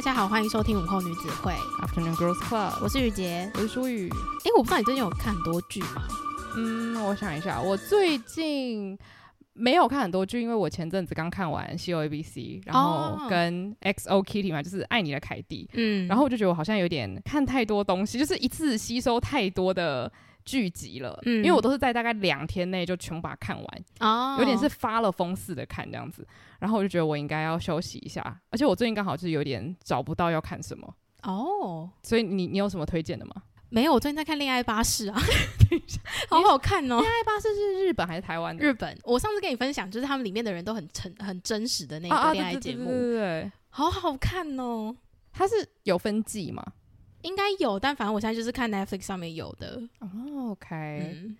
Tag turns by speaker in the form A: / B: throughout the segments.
A: 大家好，歡迎收聽午後女子會。Afternoon Girls Club，我是雨杰，我是書宇。
B: 哎，我不知道你最近有看很多劇嗎？嗯，我想一下，我最近沒有看很多劇，因為我前陣子剛看完《C O A B C》，然後跟《X O Kitty》嘛，就是《愛你的凱蒂》哦。嗯，然後我就覺得我好像有點看太多東西，就是一次吸收太多的。聚集了，因為我都是在大概兩天內就全部把它看完，哦、嗯，有點是發了瘋似的看這樣子，哦、然後我就覺得我應該要休息一下，而且我最近剛好就是有點找不到要看什麼哦，所以你你有什麼推薦的嗎？沒有，我最近在看《戀愛巴士》啊， 等一下 好好看哦，《戀愛巴士》是日本還是台灣？日本。我
A: 上次跟你分享，就是他們裡面的人都很誠很真實的那個戀愛節目，對，
B: 好好看哦。它是有分季嗎？
A: 應該有，但反正我現在就是看 Netflix 上
B: 面有的。Oh, OK。嗯。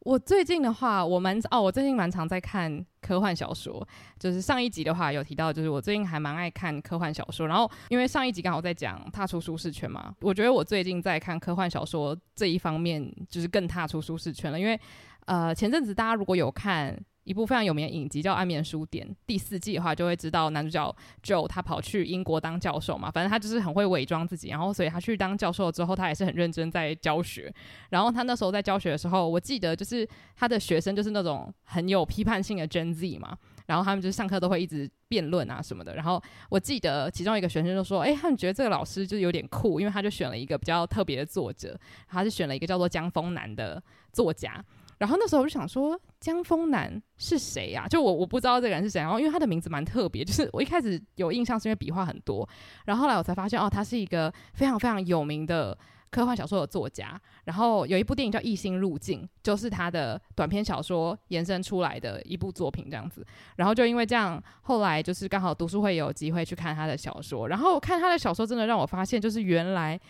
B: 我最近的話，我蠻哦，我最近蠻常在看科幻小說。就是上一集的話有提到，就是我最近還蠻愛看科幻小說。然後因為上一集剛好在講踏出舒適圈嘛，我覺得我最近在看科幻小說這一方面就是更踏出舒適圈了。因為呃，前陣子大家如果有看。一部非常有名的影集叫《安眠書店》第四季的話，就會知道男主角 Joe 他跑去英國當教授嘛。反正他就是很會偽裝自己，然後所以他去當教授之後，他也是很認真在教學。然後他那時候在教學的時候，我記得就是他的學生就是那種很有批判性的 Gen Z 嘛，然後他們就是上課都會一直辯論啊什麼的。然後我記得其中一個學生就說：“哎、欸，他們覺得這個老師就是有點酷，因為他就選了一個比較特別的作者，他是選了一個叫做江峰南的作家。”然後那時候我就想說，姜峯楠是誰呀、啊？就我我不知道這個人是誰、啊。然後因為他的名字蠻特別，就是我一開始有印象是因為筆畫很多，然後後來我才發現哦，他是一個非常非常有名的科幻小說的作家。然後有一部電影叫《異星入境》，就是他的短篇小說延伸出來的一部作品這樣子。然後就因為這樣，後來就是剛好讀書會有機會去看他的小說。然後看他的小說，真的讓我發現，就是原來。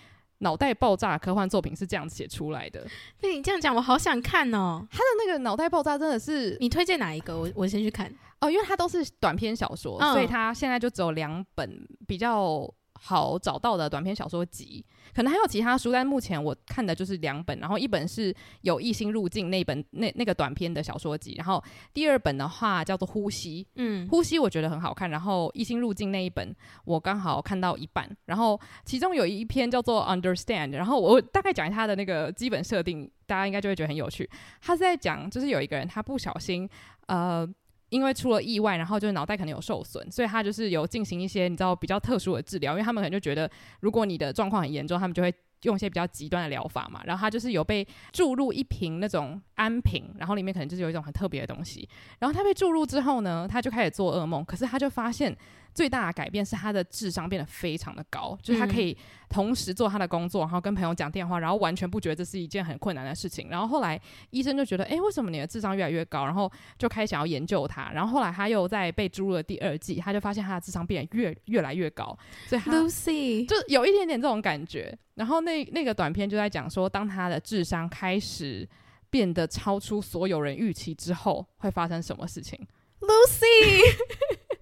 B: 腦袋爆炸，科幻作品是這樣寫出來的。
A: 那你這樣講，我好想看哦、喔。他的那個腦袋爆炸真的是，你推薦哪
B: 一個？我我先去看哦，因為他都是短篇小說，哦、所以他現在就只有兩本比較。好找到的短篇小說集，可能還有其他書，但目前我看的就是兩本。然後一本是有《異星入境》那本，那那個短篇的小說集。然後第二本的話叫做《呼吸》，嗯，《呼吸》我覺得很好看。然後《異星入境》那一本我剛好看到一半。然後其中有一篇叫做《Understand》，然後我大概講一下它的那個基本設定，大家應該就會覺得很有趣。他是在講，就是有一個人他不小心呃。因為出了意外，然後就是腦袋可能有受損，所以他就是有進行一些你知道比較特殊的治療，因為他們可能就覺得，如果你的狀況很嚴重，他們就會。用一些比較極端的療法嘛，然後他就是有被注入一瓶那種安瓶，然後裡面可能就是有一種很特別的東西。然後他被注入之後呢，他就開始做噩夢。可是他就發現最大的改變是他的智商變得非常的高，就是他可以同時做他的工作，然後跟朋友講電話，然後完全不覺得這是一件很困難的事情。然後後來醫生就覺得，哎，為什麼你的智商越來越高？然後就開始想要研究他。然後後來他又在被注入了第二劑，他就發現他的智商變得越越來越高，所以 Lucy 就有一點點這種感覺。然後那。那那個短片就在講說，當他的智商開始變得超出所有人預期之後，會發生什麼事情，Lucy。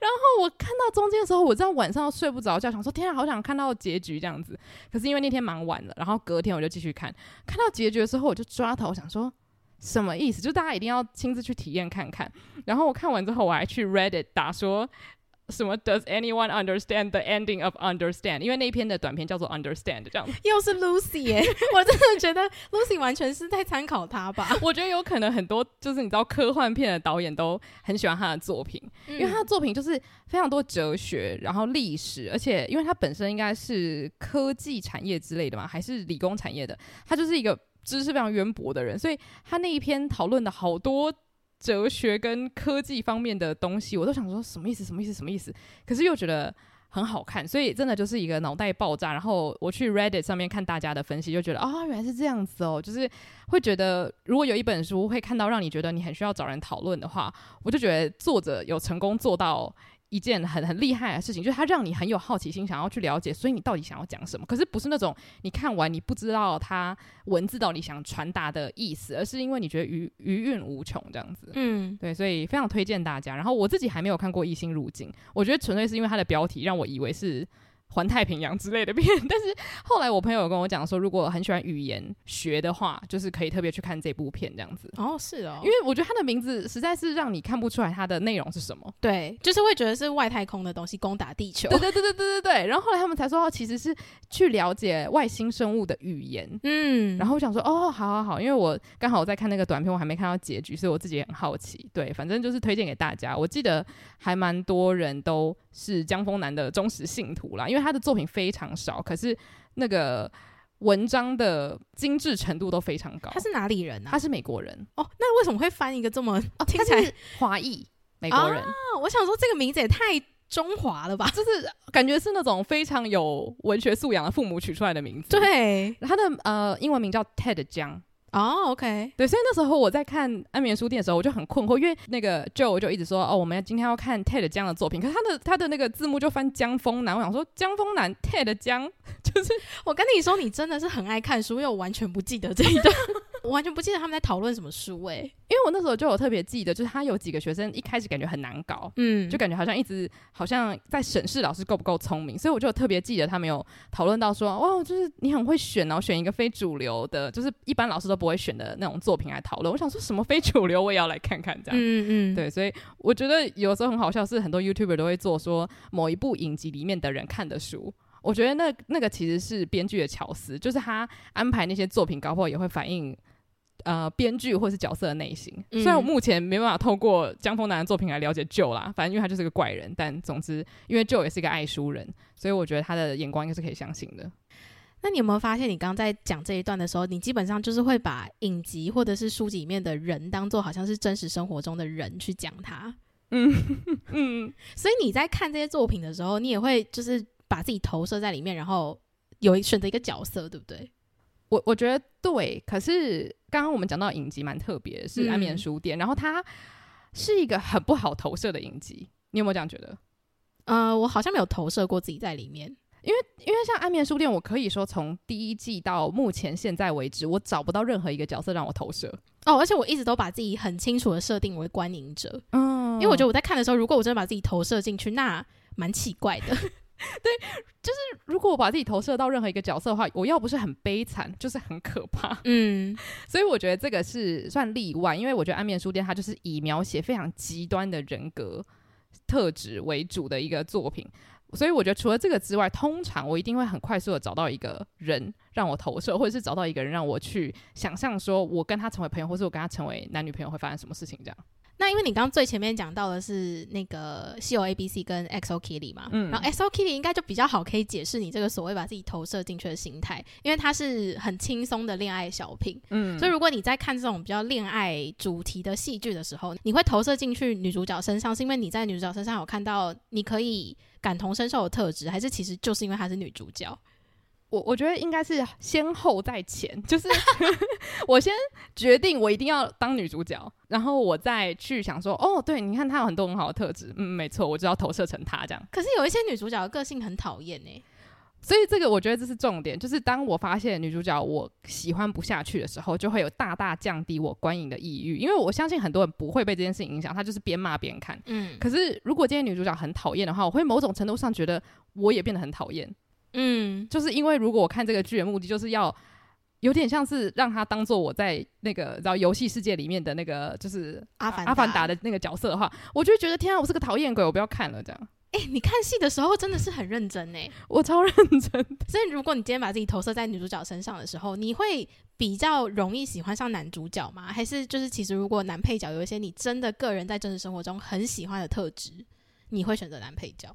B: 然後我看到中間的時候，我在晚上睡不着覺，想說天啊，好想看到結局這樣子。可是因為那天忙完了，然後隔天我就繼續看，看到結局的時候我就抓頭，我想說什麼意思？就大家一定要親自去體驗看看。然後我看完之後，我還去 Reddit 打說。什麼？Does anyone understand the ending of understand？因為那一篇的短片叫做 Understand，這樣子。
A: 又是 Lucy 耶、欸！我真的覺得 Lucy 完全是在參考他吧。
B: 我覺得有可能很多，就是你知道科幻片的導演都很喜歡他的作品，因為他的作品就是非常多哲學，然後歷史，而且因為他本身應該是科技產業之類的嘛，還是理工產業的，他就是一個知識非常淵博的人，所以他那一篇討論的好多哲學跟科技方面的東西，我都想說什麼意思？什麼意思？什麼意思？可是又覺得很好看，所以真的就是一個腦袋爆炸。然後我去 Reddit 上面看大家的分析，就覺得啊、哦，原來是這樣子哦。就是會覺得，如果有一本書會看到讓你覺得你很需要找人討論的話，我就覺得作者有成功做到。一件很很厲害的事情，就是它讓你很有好奇心，想要去了解，所以你到底想要講什麼？可是不是那種你看完你不知道它文字到底想傳達的意思，而是因為你覺得餘餘韻無窮這樣子。嗯，對，所以非常推薦大家。然後我自己還沒有看過《異星入境》，我覺得純粹是因為它的標題讓我以為是，環太平洋之類的片，但是後來我朋友有跟我講說，如果很喜歡語言學的話，就是可以特別去看這部片這樣子。哦，是哦，因為我覺得它的名字實在是讓你看不出來它的內容是什麼。對，就是會覺得是外太空的東西攻打地球。對對對對對對對。然後後來他們才說哦，其實是去了解外星生物的語言。嗯。然後我想說哦，好好好，因為我剛好我在看那個短片，我還沒看到結局，所以我自己也很好奇。對，反正就是推薦給大家。我記得還蠻多人都是姜峯楠的忠實信徒啦，因為。他的作品非常少，可是那個文章的精致程度都非常高。他是哪裡人呢？啊？他是美國人哦，
A: 那為什麼會翻一個這麼聽起來
B: 華裔美國人？哦？我想說這個名字也太中華了吧，就是感覺是那種非常有文學素養的父母取出來的名字。對，他的呃英文名叫 Ted 江。哦、oh，OK，對，所以那時候我在看安眠書店的時候，我就很困惑，因為那個 Joe 就一直說哦，我們要今天要看 Ted 這樣的作品，可是他的他的那個字幕就翻江風南，我想說江風南 Ted 江，就是我跟你說，你真的是很愛看書，因為我完全
A: 不記得這一段。 我完全不記得他們在討論什麼書誒、欸，
B: 因為我那時候就有特別記得，就是他有幾個學生一開始感覺很難搞，嗯，就感覺好像一直好像在審視老師夠不夠聰明，所以我就有特別記得他們有討論到說，哦，就是你很會選，然後選一個非主流的，就是一般老師都不會選的那種作品來討論。我想說什麼非主流，我也要來看看，這樣，嗯嗯，對，所以我覺得有時候很好笑，是很多 YouTuber 都會做說某一部影集裡面的人看的書，我覺得那那個其實是編劇的巧思，就是他安排那些作品，搞不好也會反映。呃，編劇或者是角色的內心，嗯、雖然我目前沒辦法透過江豐南的作品來了解 Joe 啦，反正因為他就是個怪人，但總之因為 Joe 也是一個愛書人，所以我覺得他的眼光應該是可以相信的。那你有沒有發現，你剛剛在講這一段的時
C: 候，
A: 你基本上就是會把影集或者是書籍裡面的人當做好像是真實生活中的人去講他？
C: 嗯嗯，
A: 所以你在看這些作品的時候，你也會就是把自己投射在裡面，然後有一選擇一個角
B: 色，對不對？我我覺得對，可是。剛剛我們講到影集蠻特別的，是《安眠書店》，嗯，然後它是一個很不好投射的影集，你有沒有這樣覺得？呃，我好像沒有投射過自己在裡面，因為因為像《安眠書店》，我可以說從第一季到目前現在為止，我找不到任何一個角色讓我投射。哦，而且我一直都把自己很清楚的設定為觀影
A: 者，嗯、哦，因為我覺得我在看的時候，如果我真的把自己投射進去，那蠻奇怪的。 對，就
B: 是如果我把自己投射到任何一個角色的話，我要不是很悲慘，就是很可怕。嗯，所以我覺得這個是算例外，因為我覺得《安眠書店》它就是以描寫非常極端的人格特質為主的一個作品。所以我覺得除了這個之外，通常我一定會很快速的找到一個人讓我投射，或者是找到一個人讓我去想象，說我跟他成為朋友，或是我跟他成為男女朋友會發生什麼事情。這樣。
A: 那因為你剛最前面講到的是那個西遊 ABC 跟 XO Kitty 嘛，嗯、然後 XO、SO、Kitty 應該就比較好可以解釋你這個所謂把自己投射進去的心態，因為它是很輕鬆的戀愛小品。嗯，所以如果你在看這種比較戀愛主題的戲劇的時候，你會投射進去女主角身上，是因為你在女主角身上有看到你可以。感同身受的特質，
B: 還是其實就是因為她是女主角。我我覺得應該是先後在前，就是 我先決定我一定要當女主角，然後我再去想說，哦，對，你看她有很多很好的特質，嗯，沒錯，我就要投射成她這樣。
A: 可是有一些女主角的個性很討厭哎。
B: 所以這個我覺得這是重點，就是當我發現女主角我喜歡不下去的時候，就會有大大降低我觀影的意願。因為我相信很多人不會被這件事情影響，他就是邊罵邊看。嗯，可是如果今天女主角很討厭的話，我會某種程度上覺得我也變得很討厭。嗯，就是因為如果我看這個劇的目的就是要有點像是讓他當做我在那個然後遊戲世界裡面的那個就是阿凡、啊、阿凡達的那個角色的話，我就覺得天啊，我是個討厭鬼，我不要看了這樣。
A: 誒、欸，你看戲的時候真的是很認真誒，我超認真。所以，如果你今天把自己投射在女主角身上的時候，你會比較容易喜歡上男主角嗎？還是就是，其實如果男配角有一些你真的個人在真實生活中很喜歡的特質，你會選擇男配角？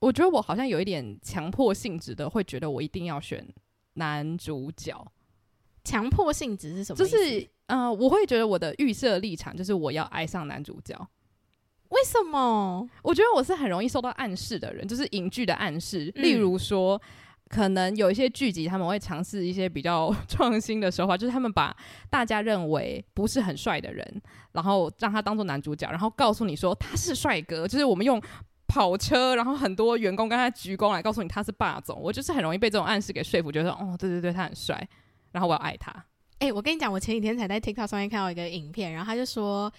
B: 我覺得我好像有一點強迫性質的，會覺得我一定要選男主角。強迫性質是什麼？就是呃，我會覺得我的預設立場就是我要愛上男主角。為什麼？我覺得我是很容易受到暗示的人，就是影劇的暗示。嗯，例如說，可能有一些劇集他們會嘗試一些比較創新的手法，就是他們把大家認為不是很帥的人，然後讓他當做男主角，然後告訴你說他是帥哥。就是我們用跑車，然後很多員工跟他鞠躬來告訴你他是霸總。我就是很容易被這種暗示給說服，覺得哦，對對對，他很帥，然後我要愛他。
A: 誒，我跟你講，我前幾天才在 TikTok 上面看到一個影片，然後他就說。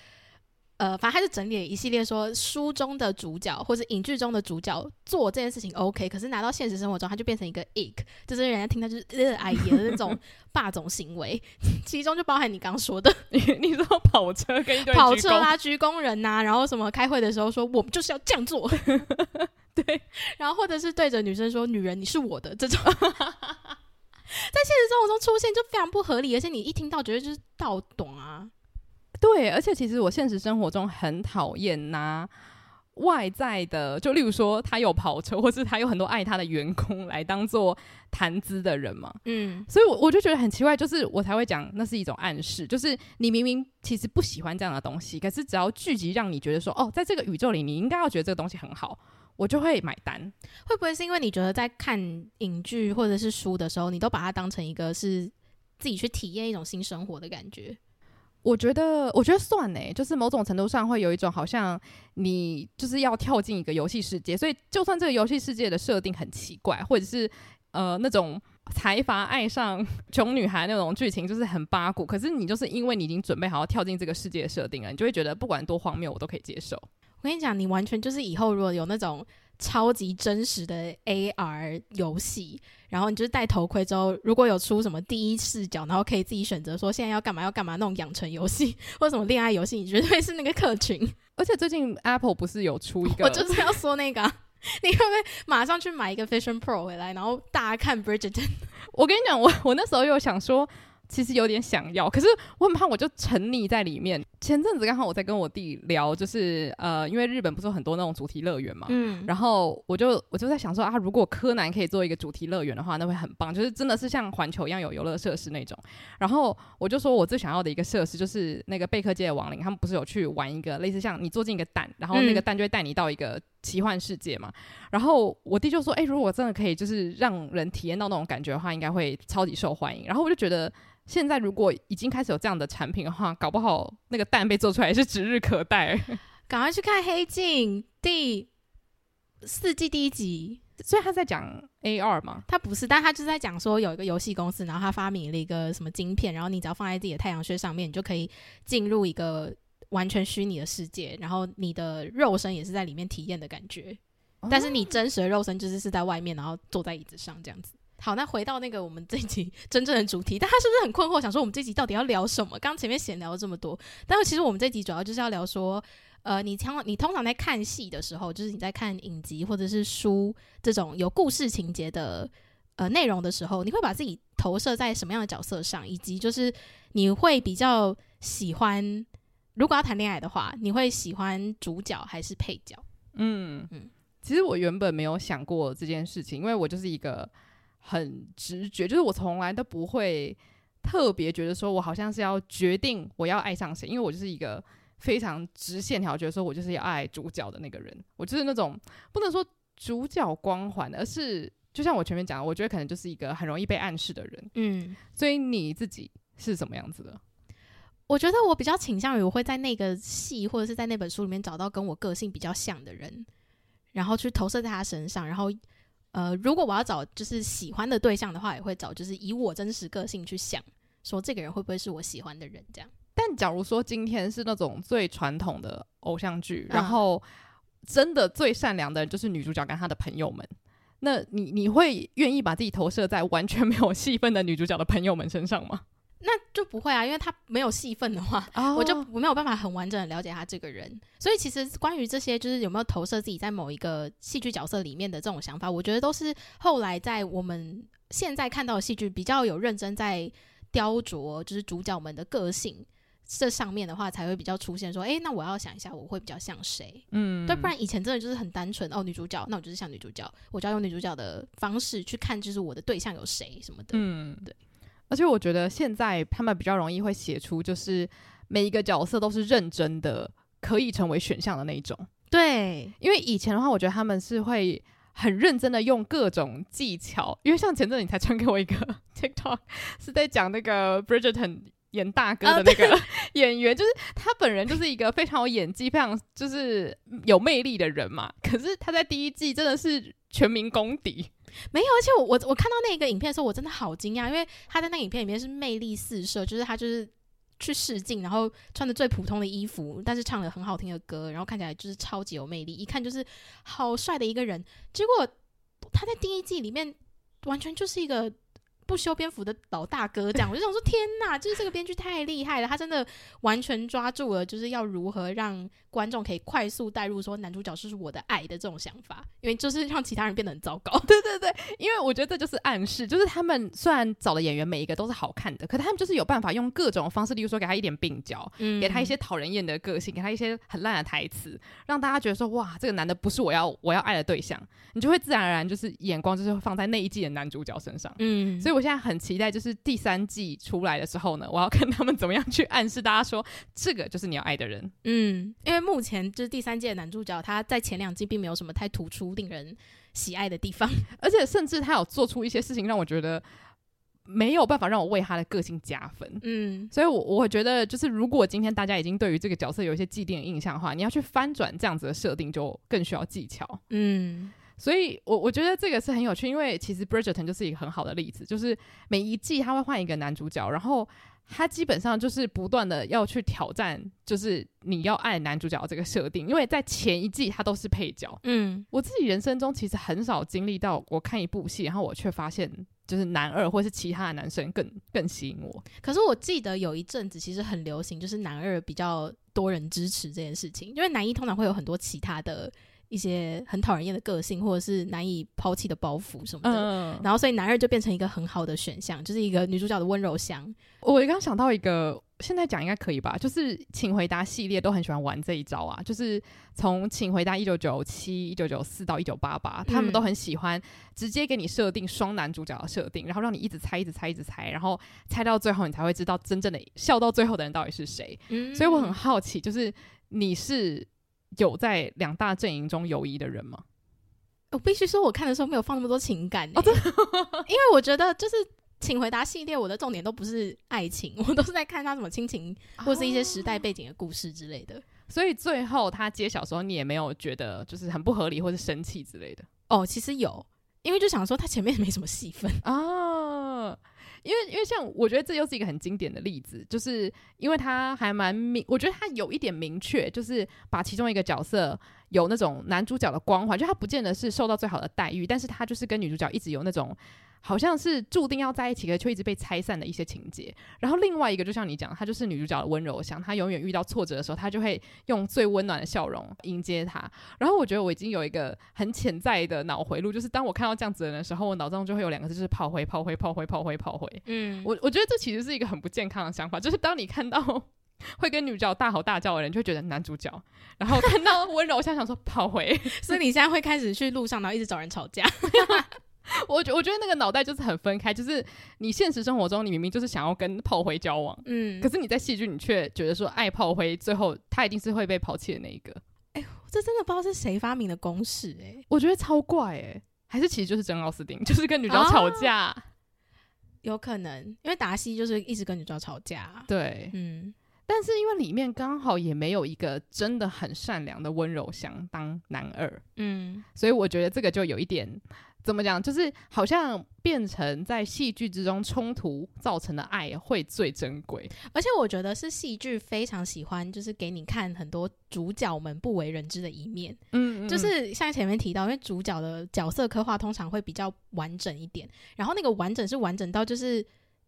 A: 呃，反正他是整理了一系列說書中的主角或者影劇中的主角做這件事情 OK，可是拿到現實生活中，他就變成一個 ick，就是人家聽他就是矮、呃、爺、哎、的那種霸總行為， 其中就包含你剛剛說的，
B: 你說跑車跟一對跑車啦，
A: 鞠躬人吶、啊，然後什麼開會的時候說我們就是要這樣做， 對，然後或者是對着女生說女人你是我的這種， 在現實生活中出現就非常不合理，而且你一聽到覺得就是倒彈啊。
B: 對，而且其實我現實生活中很討厭拿、啊、外在的，就例如說他有跑車，或是他有很多愛他的員工來當做談資的人嘛。嗯，所以，我我就覺得很奇怪，就是我才會講那是一種暗示，就是你明明其實不喜歡這樣的東西，可是只要劇集讓你覺得說，哦，在這個宇宙裡，你應該要覺得這個東西很好，我就會買單。會不會
A: 是因為你覺得在看影劇或者是書的時候，你都把它當成一個是自己去
B: 體驗一種新生活的感覺？我覺得，我覺得算哎，就是某種程度上會有一種好像你就是要跳進一個遊戲世界，所以就算這個遊戲世界的設定很奇怪，或者是呃那種財閥愛上窮女孩那種劇情就是很八股，可是你就是因為你已經準備好要跳進這個世界的設定了，你就會覺得不管多荒謬我都可以接受。
A: 我跟你講，你完全就是以後如果有那種超級真實的 AR 遊戲。然後你就是戴頭盔之後，如果有出什麼第一視角，然後可以自己選擇說現在要幹嘛要幹嘛那種養成遊戲或者什麼戀愛遊戲，你絕對是那個客群。
B: 而且最近 Apple 不是有出一個，我就是要
A: 說那個、啊， 你會不會馬上去買一
B: 個 Vision Pro 回來，然後大家看 Bridgerton？我跟你講，我我那時候又想說。其實有點想要，可是我很怕我就沉溺在裡面。前陣子剛好我在跟我弟聊，就是呃，因為日本不是有很多那種主題樂園嘛，嗯，然後我就我就在想說啊，如果柯南可以做一個主題樂園的話，那會很棒，就是真的是像環球一樣有遊樂設施那種。然後我就說我最想要的一個設施就是那個貝克街的亡靈，他們不是有去玩一個類似像你坐進一個蛋，然後那個蛋就會帶你到一個。奇幻世界嘛，然後我弟就說：“哎、欸，如果真的可以，就是讓人體驗到那種感覺的話，應該會超級受歡迎。”然後我就覺得，現在如果已經開始有這樣的產品的話，搞不好那個蛋被做出來是指日可待。趕快去看《黑鏡》第四季第一集，所以
A: 他在講 AR 嘛，他不是，但他就是在講說有一個遊戲公司，然後他發明了一個什麼晶片，然後你只要放在自己的太陽穴上面，你就可以進入一個。完全虛擬的世界，然後你的肉身也是在裡面體驗的感覺，但是你真實的肉身就是是在外面，然後坐在椅子上這樣子。好，那回到那個我們這一集真正的主題，大家是不是很困惑？想說我們這集到底要聊什麼？剛前面閒聊了這麼多，但是其實我們這集主要就是要聊說，呃，你常你通常在看戲的時候，就是你在看影集或者是書這種有故事情節的呃內容的時候，你會把自己投射在什麼樣的角色上，以及就是你會比較喜歡。如果要談戀愛的話，你會喜歡主角還是配角？
B: 嗯，其實我原本沒有想過這件事情，因為我就是一個很直覺，就是我從來都不會特別覺得說我好像是要決定我要愛上誰，因為我就是一個非常直線條，覺得說我就是要愛主角的那個人。我就是那種不能說主角光環，而是就像我前面講的，我覺得可能就是一個很容易被暗示的人。嗯，所以你自己是什麼樣子的？我覺
A: 得我比較傾向於我會在那個戲或者是在那本書裡面找到跟我個性比較像的人，然後去投射在他身上。然後，呃，如果我要找就是喜歡的對象的話，也會找就是以我真實個性去想，說這個人會不會是我喜歡的人這樣。
B: 但假如說今天是那種最傳統的偶像劇，然後真的最善良的就是女主角跟她的朋友們，那你你會願意把自己投射在完全沒有戲份的女主角的朋友們身上嗎？
A: 那就不會啊，因為他沒有戲份的話，oh. 我就我沒有辦法很完整的了解他這個人。所以其實關於這些，就是有沒有投射自己在某一個戲劇角色裡面的這種想法，我覺得都是後來在我們現在看到的戲劇比較有認真在雕琢，就是主角們的個性這上面的話，才會比較出現說，哎、欸，那我要想一下，我會比較像誰？嗯，
C: 對，不然以
A: 前真的就是很單純哦，女主角，那我就是像女主角，我就要用女主角的方式去看，就是我的對象有誰什麼的，
B: 嗯，對。而且我覺得現在他們比較容易會寫出，就是每一個角色都是認真的，可以成為選項的那一種。對，因為以前的話，我覺得他們是會很認真的用各種技巧。因為像前陣子你才傳給我一個 TikTok，是在講那個 Bridgerton 演大哥的那個、啊、演員，就是他本人就是一個非常有演技、 非常就是有魅力的人嘛。可是他在第一季真的是全民公敵。
A: 沒有，而且我我我看到那個影片的時候，我真的好驚訝，因為他在那個影片裡面是魅力四射，就是他就是去試鏡，然後穿的最普通的衣服，但是唱的很好聽的歌，然後看起來就是超級有魅力，一看就是好帥的一個人。結果他在第一季裡面完全就是一個不修邊幅的老大哥這樣，我就想說天吶，就是這個編劇太厲害了，他真的完全抓住了，就是要如何讓。觀眾可以快速帶入說男主角是我的愛的這種想法，因為就是讓其他人變得很糟糕。
B: 對對對，因為我覺得這就是暗示，就是他們雖然找的演員每一個都是好看的，可他們就是有辦法用各種方式，例如說給他一點病嬌，嗯、給他一些討人厭的個性，給他一些很爛的台詞，讓大家覺得說哇，這個男的不是我要我要愛的對象，你就會自然而然就是眼光就是放在那一季的男主角身上。嗯，所以我現在很期待就是第三季出來的時候呢，我要看他們怎麼樣去暗示大家說這個就是你要愛的人。
A: 嗯，因為。目前就是第三季男主角，他在前兩季並沒有什麼太突出、令人喜愛的地方，
B: 而且甚至他有做出一些事情讓我覺得沒有辦法讓我為他的個性加分。嗯，所以我，我我覺得就是如果今天大家已經對於這個角色有一些既定的印象的話，你要去翻轉這樣子的設定就更需要技巧。嗯，所以我，我我覺得這個是很有趣，因為其實 Bridgerton 就是一個很好的例子，就是每一季他會換一個男主角，然後。他基本上就是不斷的要去挑戰，就是你要愛男主角這個設定，因為在前一季他都是配角。嗯，我自己人生中其實很少經歷到，我看一部戲，然後我卻發現就是男二或是其他的男生更更吸引我。
A: 可是我記得有一陣子其實很流行，就是男二比較多人支持這件事情，因為男一通常會有很多其他的。一些很討人厭的個性，或者是難以拋棄的包袱什麼的，嗯、然後所以男二就變成一個很好的選項，就是一個女主角的溫柔鄉。
B: 我剛想到一個，現在講應該可以吧？就是《請回答》系列都很喜歡玩這一招啊，就是從《請回答一九九七》、一九九四到一九八八，他們都很喜歡直接給你設定雙男主角的設定，嗯、然後讓你一直猜，一直猜、一直猜、一直猜，然後猜到最後你才會知道真正的笑到最後的人到底是誰。嗯、所以我很好奇，就是你是。有在兩大陣營中友誼的人嗎？
A: 我必須說，我看的時候沒有放那麼多情感，欸哦、 因為我覺得就是請回答系列，我的重點都不是愛情，我都是在看他什麼親情，哦、或者是一些時代背景的故事之類的。
B: 所以最後他揭曉的時候，你也沒有覺得就是很不合理或者生氣之類的
A: 哦？其實有，因為就想說他前面沒什麼戲份
B: 啊。哦因為，因為像我覺得這又是一個很經典的例子，就是因為他還蠻明，我覺得他有一點明確，就是把其中一個角色有那種男主角的光環，就他不見得是受到最好的待遇，但是他就是跟女主角一直有那種。好像是注定要在一起，的，卻一直被拆散的一些情節。然後另外一個，就像你講，他就是女主角的溫柔鄉。他永遠遇到挫折的時候，他就會用最溫暖的笑容迎接他。然後我覺得我已經有一個很潛在的腦回路，就是當我看到這樣子的人的時候，我腦中就會有兩個字，就是炮灰炮灰炮灰炮灰炮灰。炮灰炮灰炮灰嗯，我我覺得這其實是一個很不健康的想法，就是當你看到會跟女主角大吼大叫的人，就會覺得男主角。然後看到溫柔鄉， 想說炮灰，所以你現在會開始去路上，然後一直找人吵架。 我覺 我覺得那個腦袋就是很分開，就是你現實生活中你明明就是想要跟炮灰交往，嗯，可是你在戲劇你卻覺得說愛炮灰，最後他一定是會被拋棄的那一個。
A: 哎、欸，這真的不知道是誰發明的公式哎，我覺得超怪哎、欸，
B: 還是其實就是珍奧斯汀，就是跟女主角吵架。
A: 啊，有可能，因為達西就是一直跟女主角吵架，
B: 對，嗯，但是因為裡面剛好也沒有一個真的很善良的溫柔想當男二，嗯，所以我覺得這個就有一點。怎麼講？就是好像變成在戲劇之中衝突造成的愛會最珍貴，而且我覺得是戲劇非常喜歡，就是給你看很多主角
A: 們不為人知的一面。嗯、嗯、嗯，就是像前面提到，因為主角的角色刻畫通常會比較完整一點。然後那個完整是完整到就是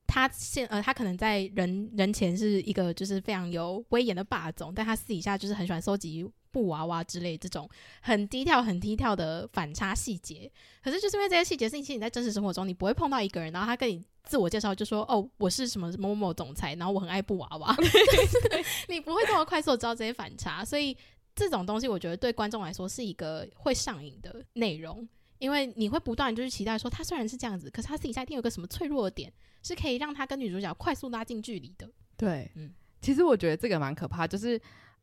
A: 他現呃，他可能在人人前是一個就是非常有威嚴的霸總，但他私底下就是很喜歡收集。布娃娃之類這種很低調很低調的反差細節，可是就是因為這些細節，是以你在真實生活中你不會碰到一個人，然後他跟你自我介紹就說：“哦，我是什麼某某某總裁，然後我很愛布娃娃。”對 你不會這麼快速的知道這些反差，所以這種東西我覺得對觀眾來說是一個會上癮的內容，因為你會不斷就是期待說，他雖然是這樣子，可是他私底下一定有個什麼脆弱的點，是可以讓他跟女主角快速拉近距離的。
B: 對，嗯，其實我覺得這個蠻可怕，就是。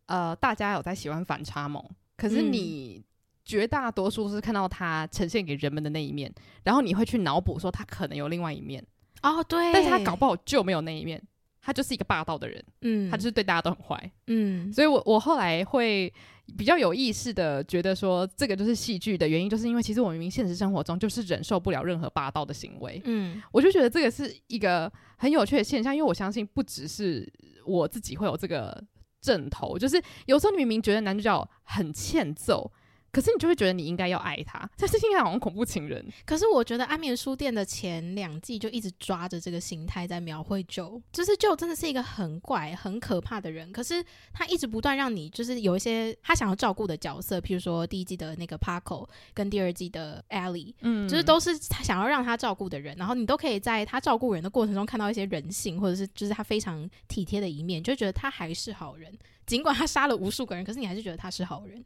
B: 呃，大家有在喜歡反差萌，可是你絕大多數是看到他呈現給人們的那一面，嗯、然後你會去腦補說他可能有另外一面
A: 哦，對，但是他搞不
B: 好就沒有那一面，他就是一個霸道的人，嗯，他就是對大家都很壞，嗯，所以我我後來會比較有意識的覺得說，這個就是戲劇的原因，就是因為其實我們明明現實生活中就是忍受不了任何霸道的行為，嗯，我就覺得這個是一個很有趣的現象，因為我相信不只是我自己會有這個。枕頭，就是有時候你明明覺得男主角很欠揍。可是你就會覺得你應該要愛他，但是現在好像恐怖情人。可
A: 是我覺得《安眠書店》的前兩季就一直抓着這個心態在描繪 Joe，就是 Joe 真的是一個很怪，很可怕的人。可是他一直不斷讓你就是有一些他想要照顧的角色，譬如說第一季的那個 Paco 跟第二季的 Allie，嗯，就是都是他想要讓他照顧的人。然後你都可以在他照顧人的過程中看到一些人性，或者是就是他非常體貼的一面，就覺得他還是好人。儘管他殺了無數個人，可是你還是覺得他是
B: 好人。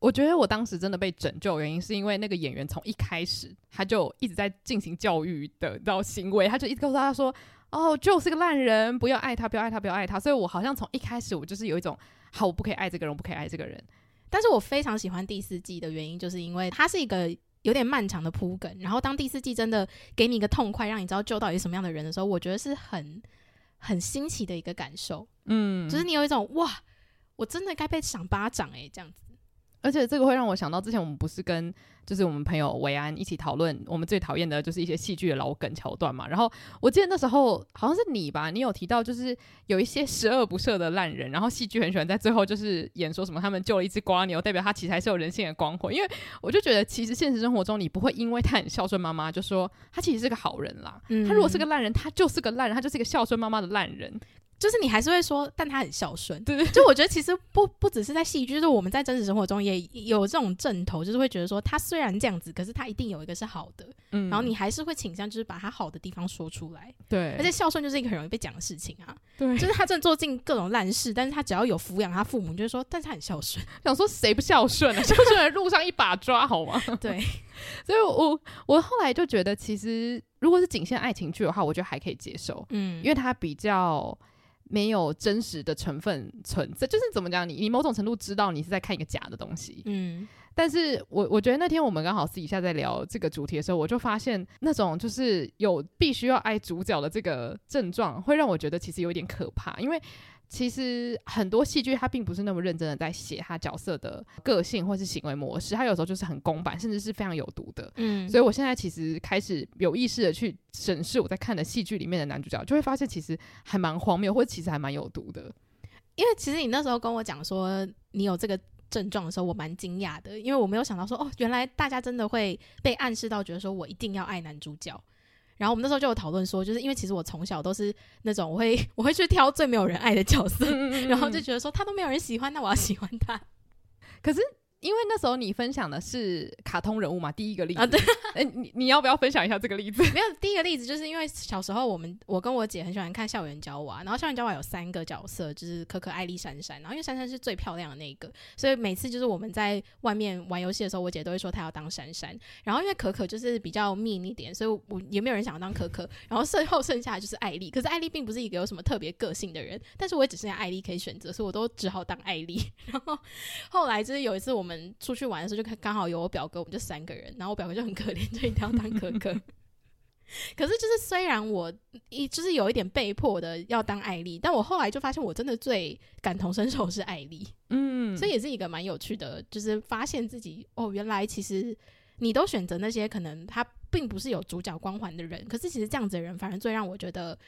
B: 我覺得我當時真的被拯救，原因是因為那個演員從一開始他就一直在進行教育的你知道行為，他就一直告訴他他說：“哦，Joe 是個爛人，不要愛他，不要愛他，不要愛他。”所以，我好像從一開始我就是有一種好，我不可以愛這個人，我不可以愛這個人。
A: 但是我非常喜歡第四季的原因，就是因為他是一個有點漫長的鋪梗，然後當第四季真的給你一個痛快，讓你知道 Joe 到底是什麼樣的人的時候，我覺得是很很新奇的一個感受。嗯，
C: 就是
A: 你有一種哇，我真的該被賞巴掌誒、欸，這樣子。
B: 而且這個會讓我想到，之前我們不是跟就是我們朋友維安一起討論，我們最討厭的就是一些戲劇的老梗橋段嘛。然後我記得那時候好像是你吧，你有提到就是有一些十惡不赦的爛人，然後戲劇很喜歡在最後就是演說什麼他們救了一隻蝸牛，代表他其實還是有人性的光輝。因為我就覺得，其實現實生活中你不會因為他很孝順媽媽就說他其實是個好人啦。嗯、他如果是個爛人，他就是個爛人，他就是一個孝順媽媽的爛人。就是你還是會說，但他很孝順。對，就我覺得其實不不只是在戲劇，就是
A: 我們在真實生活中也有這種陣頭，就是會覺得說他雖然這樣子，可是他一定有一個是好的。嗯，然後你還是會傾向就是把他好的地方說出來。對，而且孝順就是一個很容易被講的事情啊。對，就是他正做盡各種爛事，但是他只要有撫養他父母，就是說，但是他很孝順。
B: 想說誰不孝順啊？孝順的路上一把抓，好嗎？對， 所以我我後來就覺得，其實如果是僅限愛情劇的話，我覺得還可以接受。嗯，因為他比較。沒有真實的成分存在，就是怎麼講？你你某種程度知道你是在看一個假的東西，嗯。但是我我覺得那天我們剛好私底下在聊這個主題的時候，我就發現那種就是有必須要愛主角的這個症狀，會讓我覺得其實有一點可怕。因為其實很多戲劇它並不是那麼認真的在寫他角色的個性或是行為模式，他有時候就是很公版，甚至是非常有毒的。嗯，所以我現在其實開始有意識的去審視我在看的戲劇裡面的男主角，就會發現其實還蠻荒謬，或者其實還蠻有毒的。
A: 因為其實你那時候跟我講說你有這個。症狀的時候，我蠻驚訝的，因為我沒有想到說，哦，原來大家真的會被暗示到，覺得說我一定要愛男主角。然後我們那時候就有討論說，就是因為其實我從小都是那種，我會
B: 我會去挑最沒有人愛的角色，嗯嗯嗯，然後就
A: 覺得說他都沒有人喜歡，那我要喜歡他。
B: 可是。因為那時候你分享的是卡通人物嘛，第一個例子啊，對、欸，你你要不要分享一下這個例子？ 沒有，第一個例子就是因為小時候我們我跟我姐很喜歡看《校園嬌
A: 娃》，然後《校園嬌娃》有三個角色，就是可可、艾莉、珊珊。然後因為珊珊是最漂亮的那個，所以每次就是我們在外面玩遊戲的時候，我姐都會說她要當珊珊。然後因為可可就是比較 mean 一點，所以我也沒有人想要當可可。然後最後剩下就是艾麗，可是艾麗並不是一個有什麼特別個性的人，但是我也只剩下艾麗可以選擇，所以我都只好當艾麗。然後後來就是有一次我們，我們出去玩的時候，就剛好有我表哥，我們就三個人。然後我表哥就很可憐，就一定要當哥哥。 可是就是雖然我一就是有一點被迫的要當艾麗，但我後來就發現，我真的最感同身受是艾麗。嗯，所以也是一個蠻有趣的，就是發現自己哦，原來其實你都選擇那些可能他並不是有主角光環的人，可是其實這樣子的人反而最讓我覺得。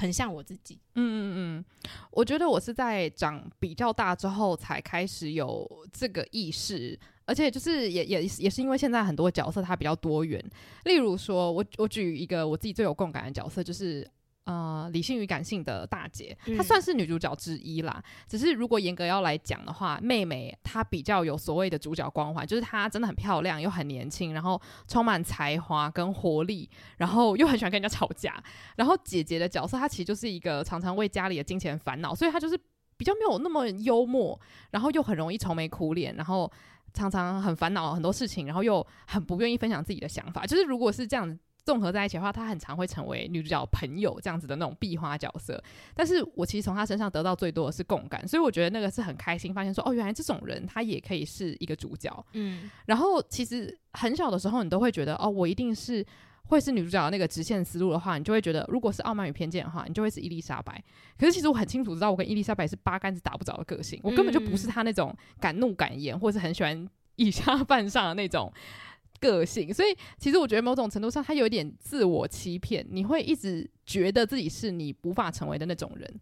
A: 很像我自己，嗯
B: 嗯嗯，我覺得我是在長比較大之後才開始有這個意識，而且就是也也也是因為現在很多角色它比較多元，例如說，我我舉一個我自己最有共感的角色就是。呃，理性與感性的大姐，嗯、她算是女主角之一啦。只是如果嚴格要來講的話，妹妹她比較有所謂的主角光環，就是她真的很漂亮，又很年輕，然後充滿才華跟活力，然後又很喜歡跟人家吵架。然後姐姐的角色，她其實就是一個常常為家裡的金錢煩惱，所以她就是比較沒有那麼幽默，然後又很容易愁眉苦臉，然後常常很煩惱很多事情，然後又很不願意分享自己的想法。就是如果是這樣綜合在一起的話，她很常會成為女主角朋友這樣子的那種壁花角色。但是我其實從她身上得到最多的是共感，所以我覺得那個是很開心，發現說哦，原來這種人她也可以是一個主角。嗯，然後其實很小的時候，你都會覺得哦，我一定是會是女主角的那個直線思路的話，你就會覺得如果是傲慢與偏見的話，你就會是伊麗莎白。可是其實我很清楚知道，我跟伊麗莎白是八竿子打不着的個性，我根本就不是她那種敢怒敢言，或者是很喜歡以下犯上的那種。個性，所以其實我覺得某種程度上，他有點自我欺騙。你會一直覺得自己是你無法成為的那種人。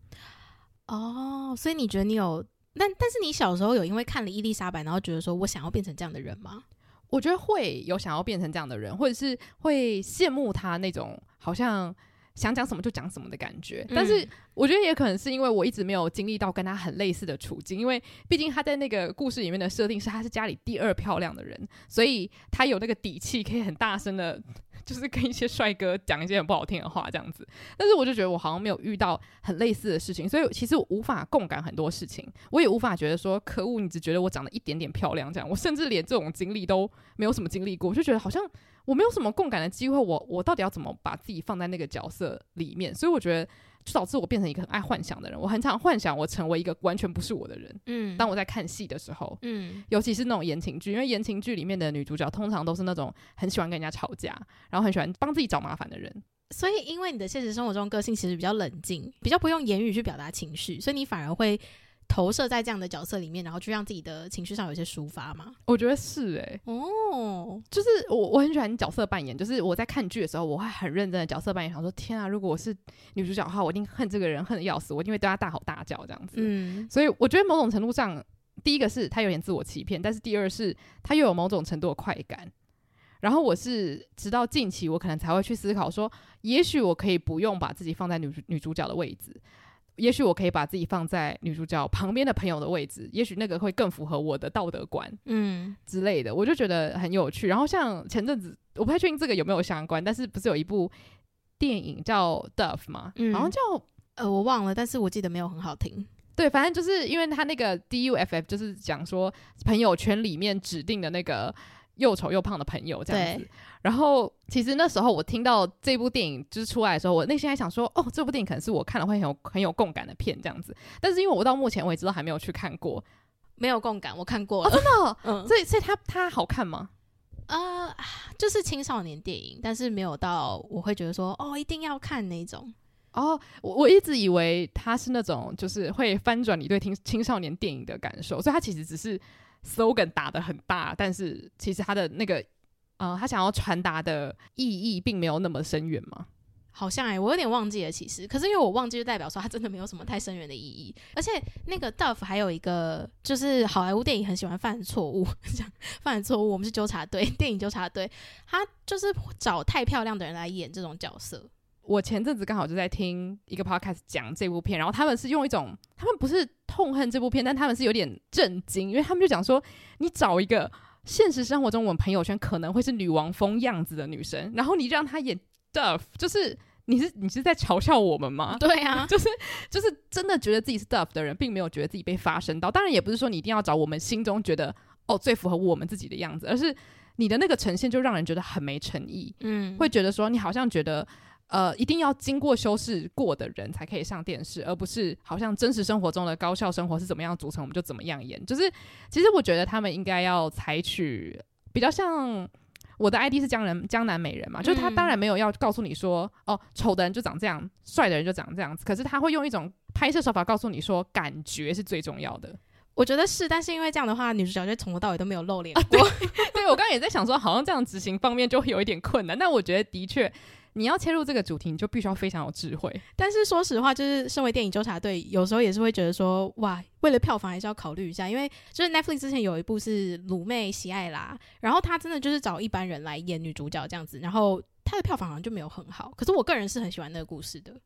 A: 哦。所以你覺得你有，但但是你小時候有因為看了伊麗莎
B: 白，然後覺得說我想要變成這樣的人嗎？我覺得會有想要變成這樣的人，或者是會羨慕他那種好像。想講什麼就講什麼的感覺，但是我覺得也可能是因為我一直沒有經歷到跟他很類似的處境，因為畢竟他在那個故事裡面的設定是他是家裡第二漂亮的人，所以他有那個底氣可以很大聲的，就是跟一些帥哥講一些很不好聽的話這樣子。但是我就覺得我好像沒有遇到很類似的事情，所以其實我無法共感很多事情，我也無法覺得說可惡，你只覺得我長得一點點漂亮這樣，我甚至連這種經歷都沒有什麼經歷過，我就覺得好像。我沒有什麼共感的機會，我我到底要怎麼把自己放在那個角色裡面？所以我覺得，就導致我變成一個很愛幻想的人。我很常幻想我成為一個完全不是我的人。嗯，當我在看戲的時候，嗯，尤其是那種言情劇，因為言情劇裡面的女主角通常都是那種很喜歡跟人家吵架，然後很喜歡幫自己找麻煩的人。
A: 所以，因為你的現實生活中的個性其實比較冷靜，比較不用言語去表達情緒，所以你反而會。投射在這樣的角色裡面，然後去讓自己的情緒上有一些抒發嘛？
B: 我覺得是誒，欸，哦，就是我我很喜歡角色扮演，就是我在看劇的時候，我會很認真的角色扮演，想說天啊，如果我是女主角的話，我一定恨這個人，恨得要死，我一定會對他大吼大叫這樣子。嗯。所以我覺得某種程度上，第一個是他有點自我欺騙，但是第二是他又有某種程度的快感。然後我是直到近期，我可能才會去思考說，也許我可以不用把自己放在女女主角的位置。也許我可以把自己放在女主角旁邊的朋友的位置，也許那個會更符合我的道德觀，
C: 嗯
B: 之類的，嗯，我就覺得很有趣。然後像前陣子，我不太確定這個有沒有相關，但是不是有一部電影叫 Duff 嗎？嗯，好像
A: 叫呃我忘了，但是我記得沒有很好聽。
B: 對，反正就是因為他那個 Duff 就是講說朋友圈裡面指定的那個又醜又胖的朋友這樣子。對然後，其實那時候我聽到這部電影就是出來的時候，我內心還想說，哦，這部電影可能是我看了會很有很有共感的片這樣子。但是因為我到目前為止都還沒有去看過，
A: 沒有共感。我看過哦。真的哦？嗯，所，所以所以它它好看嗎？呃，就是青少年電影，但是沒有到我會覺得說，哦，一定要看那種。
B: 哦，我我一直以為它是那種就是會翻轉你對青青少年電影的感受，所以它其實只是 slogan 打得很大，但是其實它的那個。呃，他想要傳達的意義並沒有那麼深遠嗎？
A: 好像哎、欸，我有點忘記了。其實，可是因為我忘記，就代表說他真的沒有什麼太深遠的意義。而且，那個 Duff 還有一個，就是好萊塢電影很喜歡犯
B: 錯誤，這樣犯錯
A: 誤。我們是糾察隊，電影糾察隊，他就是找
B: 太漂亮的人來演這種角色。我前陣子剛好就在聽一個 podcast 講這部片，然後他們是用一種，他們不是痛恨這部片，但他們是有點震驚，因為他們就講說，你找一個。現實生活中，我們朋友圈可能會是女王風樣子的女生，然後你讓她演 dove，就是你是你是在嘲笑我們嗎？對啊， 就是就是真的覺得自己是 dove 的人，並沒有覺得自己被發生到。當然，也不是說你一定要找我們心中覺得哦最符合我們自己的樣子，而是你的那個呈現就讓人覺得很沒誠意，嗯，會覺得說你好像覺得。呃，一定要經過修飾過的人才可以上電視，而不是好像真實生活中的高校生活是怎麼樣組成，我們就怎麼樣演。就是其實我覺得他們應該要採取比較像我的 ID 是江人江南美人嘛，就是他當然沒有要告訴你說、嗯、哦，醜的人就長這樣，帥的人就長這樣子，可是他會用一種拍攝手法告訴你說，感覺是最重要的。我覺得是，但是因為這樣的話，女主角就從頭到尾都沒有露臉過、啊。對， 對，我剛剛也在想說，好像這樣執行方面就會有一點困難。那我覺得的確。你要切入這個主題，你就必須要非常有智慧。
A: 但是說實話，就是身為電影糾察隊，有時候也是會覺得說，哇，為了票房還是要考慮一下，因為就是 Netflix 之前有一部是《魯妹喜愛啦》，然後他真的就是找一般人來演女主角這樣子，然後
B: 他的票房好像就沒有很好。可是我個人是很喜歡那個故事的。誒、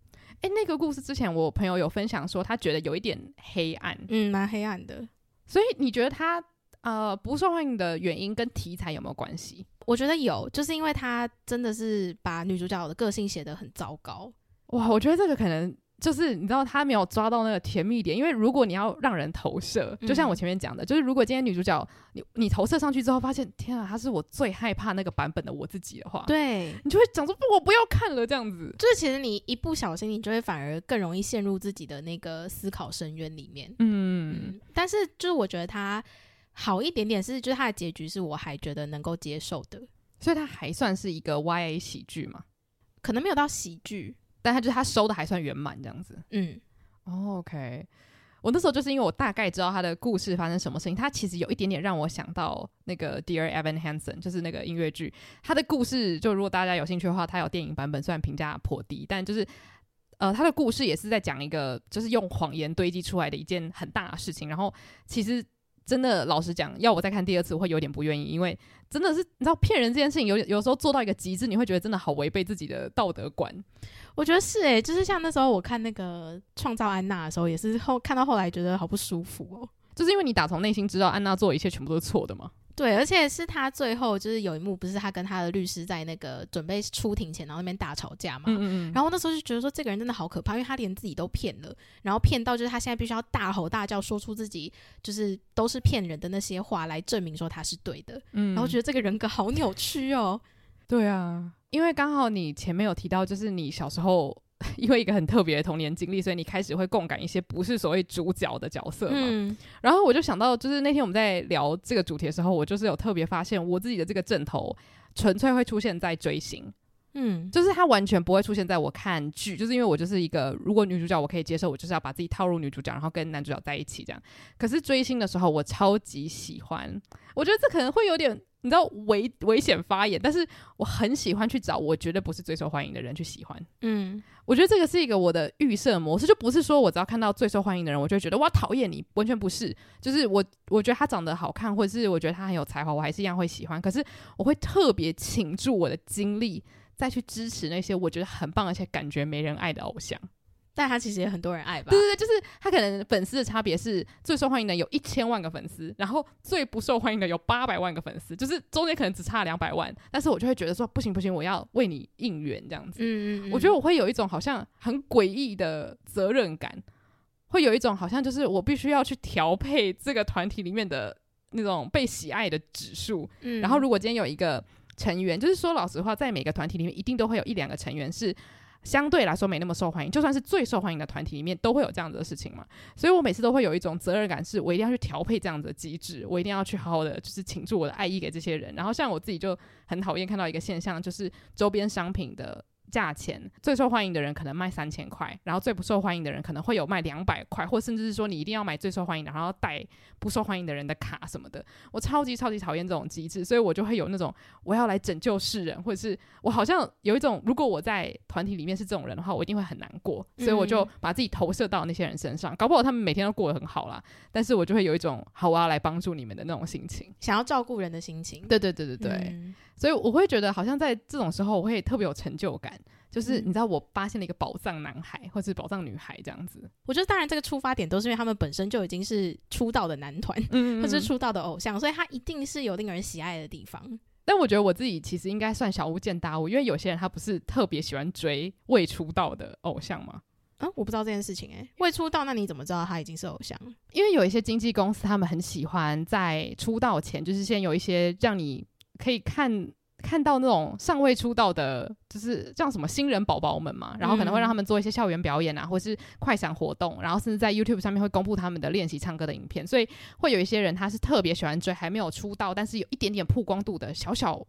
B: 欸，那個故事之前我朋友有分享說，他覺得有一點黑暗，嗯，蠻黑暗的。所以你覺得他呃不受歡迎的原因跟題材有沒有關係？我覺得有，就是因為他真的
A: 是把女主角的個性寫得很糟糕
B: 哇！我覺得這個可能就是你知道他沒有抓到那個甜蜜點，因為如果你要讓人投射，就像我前面講的，嗯、就是如果今天女主角你你投射上去之後，發現天啊，她是我最害怕那個版本的我自己的話，對，
A: 你就會講說不，我不要看了這樣子。就是其實你一不小心，你就會反而更容易陷入自己的那個思考深淵裡面。
C: 嗯，嗯，
A: 但是就是我覺得他。好
B: 一點點是，就是它的結局是我還覺得能夠接受的，所以它還算是一個 YA 喜劇嘛？可能沒有到喜劇，但它就是它收的還算圓滿這樣子。
C: 嗯
B: ，oh，OK。我那時候就是因為我大概知道它的故事發生什麼事情，它其實有一點點讓我想到那個 Dear Evan Hansen，就是那個音樂劇。它的故事就如果大家有興趣的話，它有電影版本，雖然評價頗低，但就是呃，它的故事也是在講一個就是用謊言堆積出來的一件很大的事情，然後其實。真的，老實講，要我再看第二次，我會有點不願意，因為真的是你知道騙人這件事情有，有有時候做到一個極致，你會覺得真的好違背自己的道德觀。
A: 我覺得是誒、欸，就是像那時候我看那個創造
B: 安娜的時候，也是後看到後來覺得好不舒服哦、喔，就是因為你打從內心知道安娜做一切全部都是錯的嘛？
A: 對，而且是他最後就是有一幕，不是他跟他的律師在那個準備出庭前，然後那邊大吵架嘛。嗯嗯。然後那時候就覺得說，這個人真的好可怕，因為他連自己都騙了，然後騙到就是他現在必須要大吼大叫，說出自己就是都是騙人的那些話
B: 來證明說他是對的。嗯。然後覺得這個人格好扭曲哦、喔。 對啊，因為剛好你前面有提到，就是你小時候。因為一個很特別的童年經歷，所以你開始會共感一些不是所謂主角的角色嘛。嗯、然後我就想到，就是那天我們在聊這個主題的時候，我就是有特別發現我自己的這個症頭純粹會出現在追星，嗯，就是它完全不會出現在我看劇，就是因為我就是一個如果女主角我可以接受，我就是要把自己套入女主角，然後跟男主角在一起這樣。可是追星的時候，我超級喜歡，我覺得這可能會有點。你知道危危險發言，但是我很喜歡去找我覺得不是最受歡迎的人去喜歡。嗯，我覺得這個是一個我的預設模式，就不是說我只要看到最受歡迎的人，我就覺得哇討厭你，完全不是。就是我我覺得他長得好看，或者是我覺得他很有才華，我還是一樣會喜歡。可是我會特別傾注我的精力再去支持那些我覺得很棒而且感覺沒人愛的偶像。但他其實也很多人愛吧？對對對，就是他可能粉絲的差別是最受歡迎的，有一千萬個粉絲，然後最不受歡迎的有八百萬個粉絲，就是中間可能只差兩百萬。但是我就會覺得說，不行不行，我要為你應援這樣子。嗯嗯，我覺得我會有一種好像很詭異的責任感，會有一種好像就是我必須要去調配這個團體裡面的那種被喜愛的指數。嗯，然後如果今天有一個成員，就是說老實話，在每個團體裡面一定都會有一兩個成員是。相對來說沒那麼受歡迎，就算是最受歡迎的團體裡面，都會有這樣子的事情嘛。所以我每次都會有一種責任感，是我一定要去調配這樣子的機制，我一定要去好好的就是傾注我的愛意給這些人。然後像我自己就很討厭看到一個現象，就是周邊商品的。價錢最受歡迎的人可能賣三千塊，然後最不受歡迎的人可能會有賣兩百塊，或甚至是說你一定要買最受歡迎的，然後帶不受歡迎的人的卡什麼的。我超級超級討厭這種機制，所以我就會有那種我要來拯救世人，或者是我好像有一種，如果我在團體裡面是這種人的話，我一定會很難過，所以我就把自己投射到那些人身上，嗯、搞不好他們每天都過得很好啦，但是我就會有一種好，我要來幫助你們的那種心情，想要照顧人的心情。對對對對對。嗯所以我會覺得，好像在這種時候，我會特別有成就感，就是你知道，我發現了一個寶藏男孩，或是寶藏女孩這樣子。
A: 我覺得，當然，這個出發點都是因為他們本身就已經是出道的男團，嗯嗯，或者是出道的偶像，所以他一定是有令人喜愛的地方。
B: 但我覺得我自己其實應該算小巫見大巫，因為有些人他不是特別喜歡追未出道的偶像嗎？啊、嗯，我不知道這件事情誒、欸，未出道那你怎麼知道他已經是偶像？因為有一些經紀公司，他們很喜歡在出道前，就是先有一些讓你。可以看看到那種尚未出道的，就是叫什麼新人寶寶們嘛，然後可能會讓他們做一些校園表演啊，嗯、或是快閃活動，然後甚至在 YouTube 上面會公布他們的練習唱歌的影片，所以會有一些人他是特別喜歡追還沒有出道，但是有一點點曝光度的小小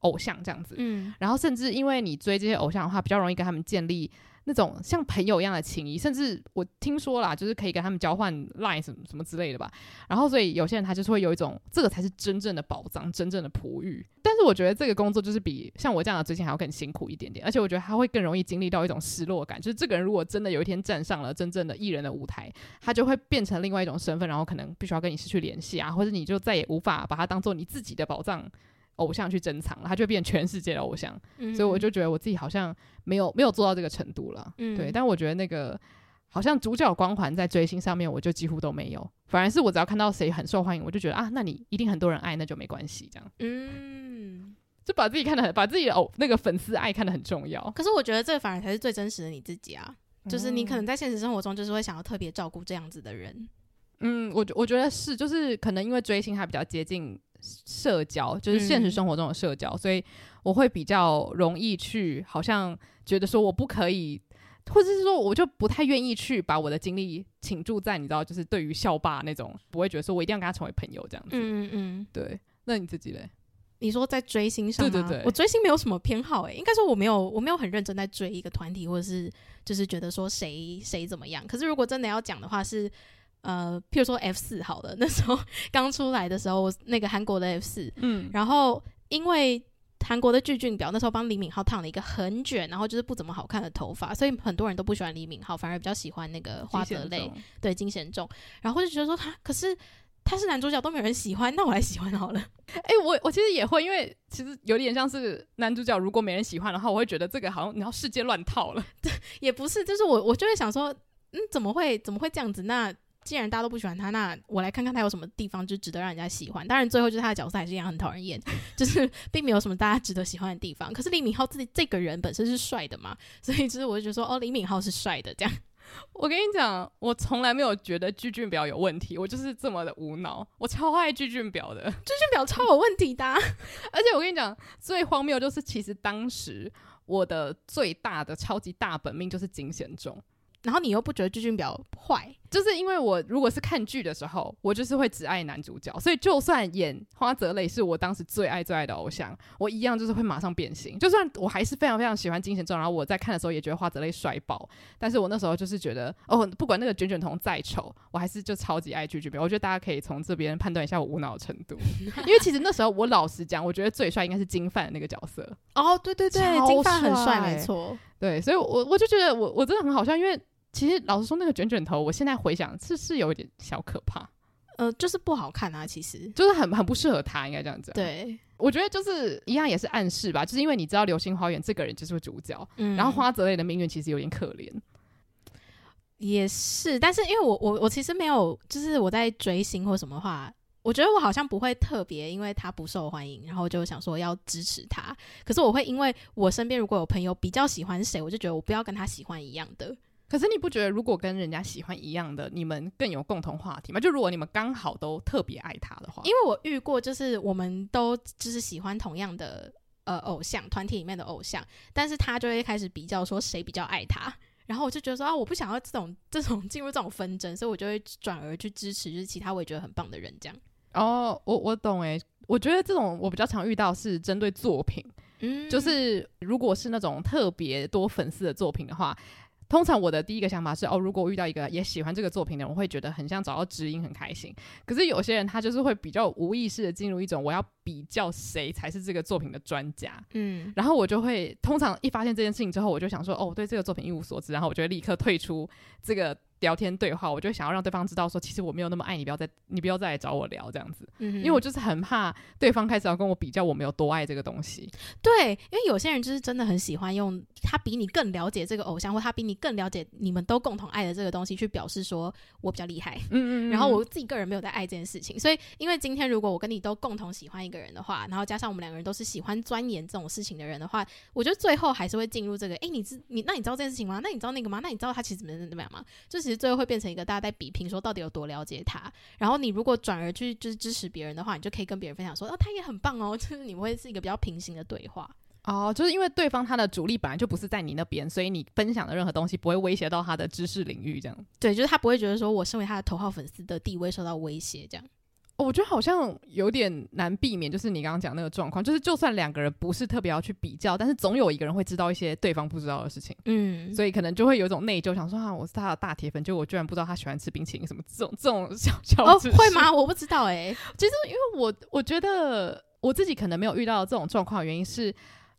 B: 偶像這樣子，嗯、然後甚至因為你追這些偶像的話，比較容易跟他們建立。那種像朋友一樣的情誼，甚至我聽說啦，就是可以跟他們交換 line 什麼什麼之類的吧。然後，所以有些人他就是會有一種，這個才是真正的寶藏，真正的璞玉。但是我覺得這個工作就是比像我這樣的最近還要更辛苦一點點，而且我覺得他會更容易經歷到一種失落感。就是這個人如果真的有一天站上了真正的藝人的舞台，他就會變成另外一種身份，然後可能必須要跟你失去聯繫啊，或者你就再也無法把他當做你自己的寶藏。偶像去珍藏了，他就會變成全世界的偶像，嗯、所以我就覺得我自己好像沒有沒有做到這個程度了，嗯、對。但我覺得那個好像主角光環在追星上面，我就幾乎都沒有，反而是我只要看到誰很受歡迎，我就覺得啊，那你一定很多人愛，那就沒關係這樣。
C: 嗯，
B: 就把自己看得很把自己偶那個粉絲愛看得很重要。可是我覺得這反而才是最真實的你自己啊，就是你可能在現實生活中就是會
A: 想要特別照顧這樣子的人。
B: 嗯，嗯，我我覺得是，就是可能因為追星還比較接近。社交就是現實生活中的社交，嗯、所以我會比較容易去，好像覺得說我不可以，或者是說我就不太願意去把我的精力傾注在，你知道，就是對於校霸那種，不會覺得說我一定要跟他成為朋友這樣子。嗯
C: 嗯，嗯對。
B: 那你自己嘞？
A: 你說在追星上嗎？對對對，我追星沒有什麼偏好哎、欸，應該說我沒有，我沒有很認真在追一個團體，或者是就是覺得說誰誰怎麼樣。可是如果真的要講的話，是。呃，譬如說 F 四好了，那時候剛出來的時候，那個韓國的 F 四，嗯，然後因為韓國的具俊表那時候幫李敏鎬燙了一個很卷，然後就是不怎麼好看的頭髮，所以很多人都不喜歡李敏鎬，反而比較喜歡那個花澤類，對，金賢重，然後就覺得說他、啊、可是他是男主角都沒人喜歡，那我還喜歡好
B: 了。哎、 欸，我我其實也會，因為其實有點像是男主角如果沒人喜歡的話，我會覺得這個好像然後世界亂套了。
A: 也不是，就是我我就會想說，
B: 嗯，怎麼
A: 會怎麼會這樣子？那既然大家都不喜歡他，那我來看看他有什麼地方就值得讓人家喜歡。當然，最後就是他的角色還是一樣很討人厭，就是並沒有什麼大家值得喜歡的地方。可是李敏鎬自己這個人本身是帥的嘛，所以就是我
B: 就覺得說，哦，李敏鎬是帥的這樣。我跟你講，我從來沒有覺得具俊表有問題，我就是這麼的無腦，我超愛具俊表的。具俊表超有問題的啊， 而且我跟你講，最荒謬就是其實當時我的最大的超級大本命就是金賢重，然後你又不覺得具俊表壞。就是因為我如果是看劇的時候，我就是會只愛男主角，所以就算演花澤類是我當時最愛最愛的偶像，我一樣就是會馬上變形。就算我還是非常非常喜歡金賢重，然後我在看的時候也覺得花澤類帥爆，但是我那時候就是覺得哦，不管那個卷卷童再醜，我還是就超級愛具俊表。我覺得大家可以從這邊判斷一下我無腦的程度， 因為其實那時候我老實講，我覺得最帥應該是金範那個角色。哦，對對對，對，超帥。金範很帥，沒錯。對，所以我我就覺得我我真的很好笑，因為。其實老實說，那個捲捲頭，我現在回想是是有點小可怕，呃，就是不好看啊。其實就是很很不適合他，應該這樣子啊。對，我覺得就是一樣也是暗示吧，就是因為你知道流星花園這個人就是主角，嗯，然後花澤類的命運其實有點可憐。
A: 也是，但是因為我我我其實沒有，就是我在追星或什麼話，我覺得我好像不會特別，因為他不受歡迎，然後就想說要支持他。可是我會因為我身邊如
B: 果有朋友比較喜歡誰，我就覺得我不要跟他喜歡一樣的。可是你不覺得，如果跟人家喜歡一樣的，你們更有共同話題嗎？就如果你們剛好都特別愛他的話，
A: 因為我遇過，就是我們都就是喜歡同樣的呃偶像團體裡面的偶像，但是他就會開始比較說誰比較愛他，然後我就覺得說啊，我不想要這種這種進入這種紛爭，所以我就會轉而去支持就是其他我也覺得很棒的人這樣。
B: 哦，我我懂誒，我覺得這種我比較常遇到是針對作品，嗯，就是如果是那種特別多粉絲的作品的話。通常我的第一個想法是，哦，如果我遇到一個也喜歡這個作品的人，我會覺得很像找到知音，很開心。可是有些人他就是會比較無意識地進入一種我要比較誰才是這個作品的專家，嗯，然後我就會通常一發現這件事情之後，我就想說，哦，我對這個作品一無所知，然後我就立刻退出這個。聊天對話，我就想要讓對方知道說，其實我沒有那麼愛你，不要再，你不要再來找我聊這樣子，嗯、哼因為我就是很怕對方開始要跟我比較，我沒有多愛這個東西。
A: 對，因為有些人就是真的很喜歡用他比你更了解這個偶像，或他比你更了解你們都共同愛的這個東西，去表示說我比較厲害。嗯，嗯，嗯 然後我自己個人沒有在愛這件事情，所以因為今天如果我跟你都共同喜歡一個人的話，然後加上我們兩個人都是喜歡鑽研這種事情的人的話，我覺得最後還是會進入這個。哎、欸，你知你那你知道這件事情嗎？那你知道那個嗎？那你知道他其實怎麼怎麼樣嗎？就是。其實最後會變成一個大家在比拼，說到底有多了解他。然後你如果轉而去就是支持別人的話，你就可以跟別人分享說，哦，他也很棒哦。就是你們會是一個比較平行的對話
B: 哦，就是因為對方他的主力本來就不是在你那邊，所以你分享的任何東西不會威脅到他的知識領域，這樣。對，就是
A: 他不會覺得說我身為他的頭號粉絲的地位受到威脅這樣。
B: 我覺得好像有點難避免，就是你剛剛講那個狀況，就是就算兩個人不是特別要去比較，但是總有一個人會知道一些對方不知道的事情，嗯，所以可能就會有一種內疚，想說啊，我是他的大鐵粉，就我居然不知道他喜歡吃冰淇淋什麼這種這種小小小，哦會嗎？我不知道哎、欸，其實因為我我覺得我自己可能沒有遇到這種狀況，原因是。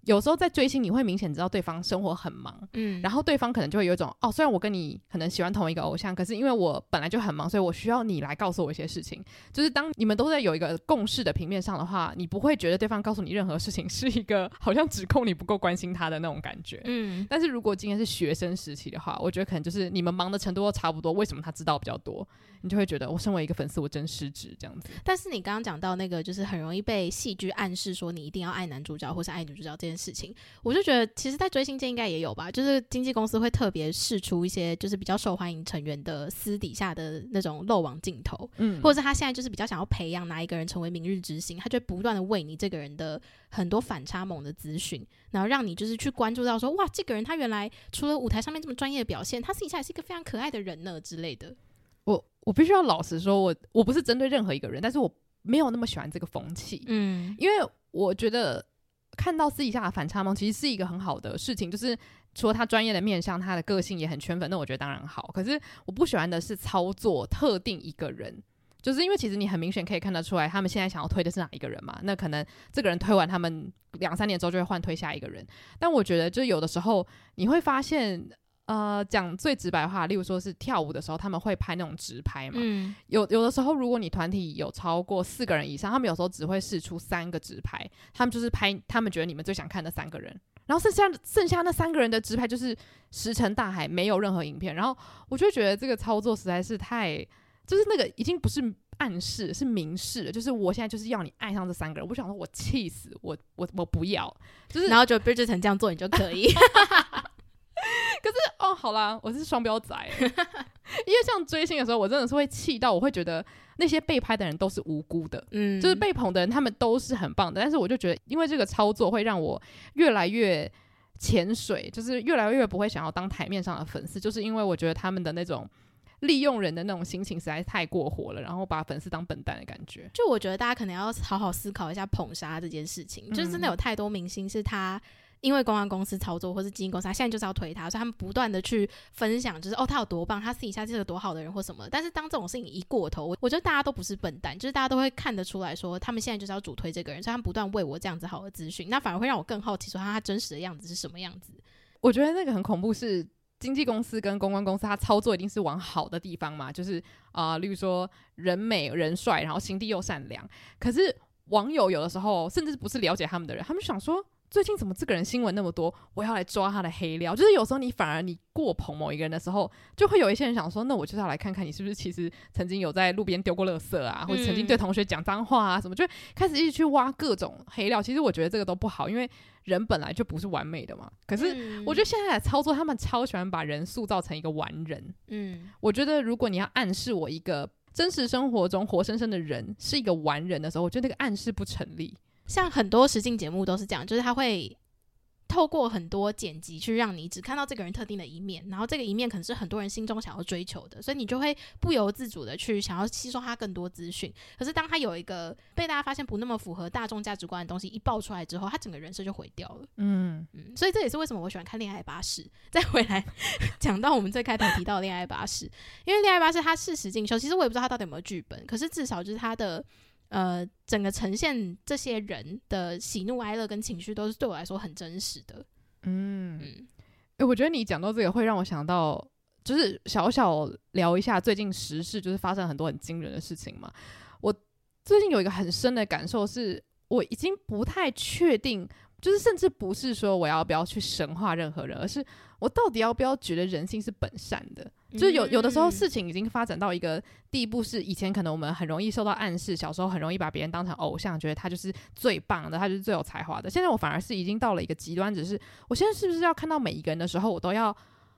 B: 有時候在追星，你會明顯知道對方生活很忙，嗯，然後對方可能就會有一種，哦，雖然我跟你可能喜歡同一個偶像，可是因為我本來就很忙，所以我需要你來告訴我一些事情。就是當你們都在有一個共事的平面上的話，你不會覺得對方告訴你任何事情是一個好像指控你不夠關心他的那種感覺，嗯。但是如果今天是學生時期的話，我覺得可能就是你們忙的程度都差不多，為什麼他知道比較多？你就會覺得我身為一個粉絲，我真失職這樣子。
A: 但是你剛剛講到那個，就是很容易被戲劇暗示說你一定要愛男主角或是愛女主角這件事情，我就覺得其實，在追星界應該也有吧，就是經紀公司會特別釋出一些就是比較受歡迎成員的私底下的那種漏網鏡頭，嗯，或者是他現在就是比較想要培養哪一個人成為明日之星，他就會不斷的為你這個人的很多反差萌的資訊，然後讓你就是去關注到說，哇，這個人他原來除了舞台上面這麼專業的表現，他私底下也是一個非常可愛的人呢之類
B: 的。我必須要老實說，我我不是針對任何一個人，但是我沒有那麼喜歡這個風氣。嗯，因為我覺得看到私底下的反差萌，其實是一個很好的事情。就是除了他專業的面向，他的個性也很圈粉，那我覺得當然好。可是我不喜歡的是操作特定一個人，就是因為其實你很明顯可以看得出來，他們現在想要推的是哪一個人嘛？那可能這個人推完，他們兩三年之後就會換推下一個人。但我覺得，就有的時候你會發現。呃，講最直白話，例如說是跳舞的時候，他們會拍那種直拍嘛。嗯、有有的時候，如果你團體有超過四個人以上，他們有時候只會釋出三個直拍，他們就是拍他們覺得你們最想看的三個人，然後剩下剩下那三個人的直拍就是石沉大海，沒有任何影片。然後我就覺得這個操作實在是太，就是那個已經不是暗示，是明示了，就是我現在就是要你愛上這三個人。我想說，我氣死，我我我不要，就是然後就被制成這樣做，你就可以。 可是哦，好啦，我是雙標仔， 因為像追星的時候，我真的是會氣到，我會覺得那些被拍的人都是無辜的，嗯，就是被捧的人他們都是很棒的，但是我就覺得，因為這個操作會讓我越來越潛水，就是越來越不會想要當台面上的粉絲，就是因為我覺得他們的那種利用人的那種心情實在是太過火了，然後把粉絲當笨蛋的感覺。就我覺得大家可
A: 能要好好思考一下捧殺這件事情，就是真的有太多明星是他、嗯。因為公關公司操作，或是經紀公司，他現在就是要推他，所以他們不斷的去分享，就是哦，他有多棒，他私底下是個多好的人或什麼。但是當這種事情一過頭，我覺得大家都不是笨蛋，就是大家都會看得出來說，他們現在就是要主推這個人，所以他們不斷餵我這樣子好的資訊，那反而會讓我更好奇說他，他真實的樣子是什麼樣
B: 子。我覺得那個很恐怖，是經紀公司跟公關公司，他操作一定是往好的地方嘛，就是啊、呃，例如說人美人帥，然後心地又善良。可是網友有的時候甚至不是了解他們的人，他們就想說。最近怎麼這個人新聞那麼多？我要來抓他的黑料。就是有時候你反而你過捧某一個人的時候，就會有一些人想說，那我就是要來看看你是不是其實曾經有在路邊丟過垃圾啊，嗯、或者曾經對同學講髒話啊什麼，就開始一直去挖各種黑料。其實我覺得這個都不好，因為人本來就不是完美的嘛。可是我覺得現在的操作，他們超喜歡把人塑造成一個完人。嗯，我覺得如果你要暗示我一個真實生活中活生生的人是一個完人的時候，我覺得那個暗示不成立。像很多實境節目都是這樣，就是他會透過很多
A: 剪輯去讓你只看到這個人特定的一面，然後這個一面可能是很多人心中想要追求的，所以你就會不由自主的去想要吸收他更多資訊。可是當他有一個被大家發現不那麼符合大眾價值觀的東西一爆出來之後，他整個人設就毀掉了。嗯嗯，所以這也是為什麼我喜歡看《戀愛巴士》。再回來講 到我們最開頭提到的《戀愛巴士》，因為《戀愛巴士》它是實境秀，其實我也不知道它到底有沒有劇本，可是至少就是它的。呃，整個呈現這些人的喜怒哀樂跟情緒，都是對我來說很真實的。
B: 嗯，嗯，欸，我覺得你講到這個，會讓我想到，就是小小聊一下最近時事，就是發生很多很驚人的事情嘛。我最近有一個很深的感受是，是我已經不太確定，就是甚至不是說我要不要去神化任何人，而是我到底要不要覺得人性是本善的。就是有有的時候事情已經發展到一個地步，是以前可能我們很容易受到暗示，小時候很容易把別人當成偶像，覺得他就是最棒的，他就是最有才華的。現在我反而是已經到了一個極端，只是我現在是不是要看到每一個人的時候，我都要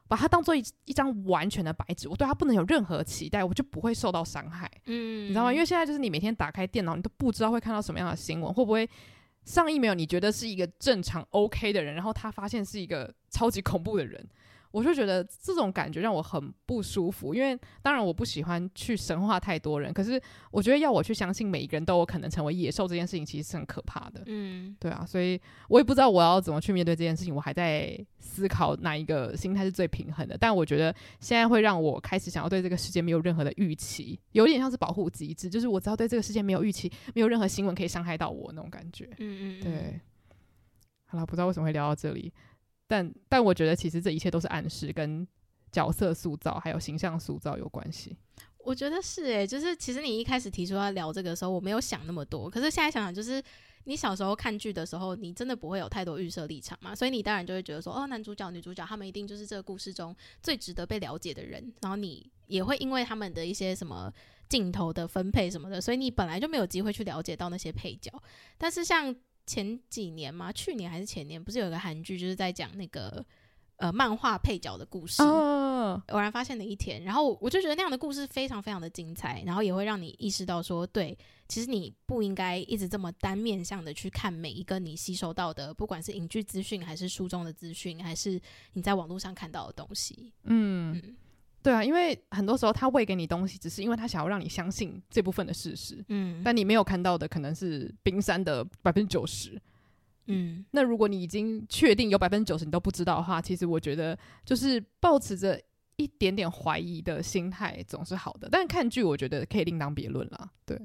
B: 把他當做一一張完全的白紙，我對他不能有任何期待，我就不會受到傷害。嗯，嗯，嗯，你知道嗎？因為現在就是你每天打開電腦，你都不知道會看到什麼樣的新聞，會不會上一秒你覺得是一個正常 OK 的人，然後他發現是一個超級恐怖的人。我就覺得這種感覺讓我很不舒服，因為當然我不喜歡去神化太多人，可是我覺得要我去相信每一個人都有可能成為野獸這件事情，其實是很可怕的。嗯，對啊，所以我也不知道我要怎麼去面對這件事情，我還在思考哪一個心態是最平衡的。但我覺得現在會讓我開始想要對這個世界沒有任何的預期，有一點像是保護機制，就是我只要對這個世界沒有預期，沒有任何新聞可以傷害到我那種感覺。嗯，嗯嗯，對。好了，不知道為什麼會聊到這裡。但但我覺得其實這一切都是暗示，跟角色塑造還有形象塑造有關係。
A: 我覺得是誒，就是其實你一開始提出要聊這個的時候，我沒有想那麼多。可是現在想想，就是你小時候看劇的時候，你真的不會有太多預設立場嘛？所以你當然就會覺得說，哦，男主角、女主角他們一定就是這個故事中最值得被了解的人。然後你也會因為他們的一些什麼鏡頭的分配什麼的，所以你本來就沒有機會去了解到那些配角。但是像。前幾年嗎？去年還是前年？不是有一個韓劇，就是在講那個呃漫畫配角的故事。
C: Oh.
A: 偶然發現的一天，然後我就覺得那樣的故事非常非常的精彩，然後也會讓你意識到說，對，其實你不應該一直這麼單面向的去看每一個你吸收到的，不管是影劇資訊，還是書中的資訊，還是你在網絡上看到的東西。
B: 嗯。嗯對啊，因為很多時候他餵給你東西，只是因為他想要讓你相信這部分的事實。嗯，但你沒有看到的可能是冰山的百分之九十。嗯，那如果你已經確定有百分之九十你都不知道的話，其實我覺得就是抱持着一點點懷疑的心態總是好的。但看劇，我覺得可以另當別論了。對。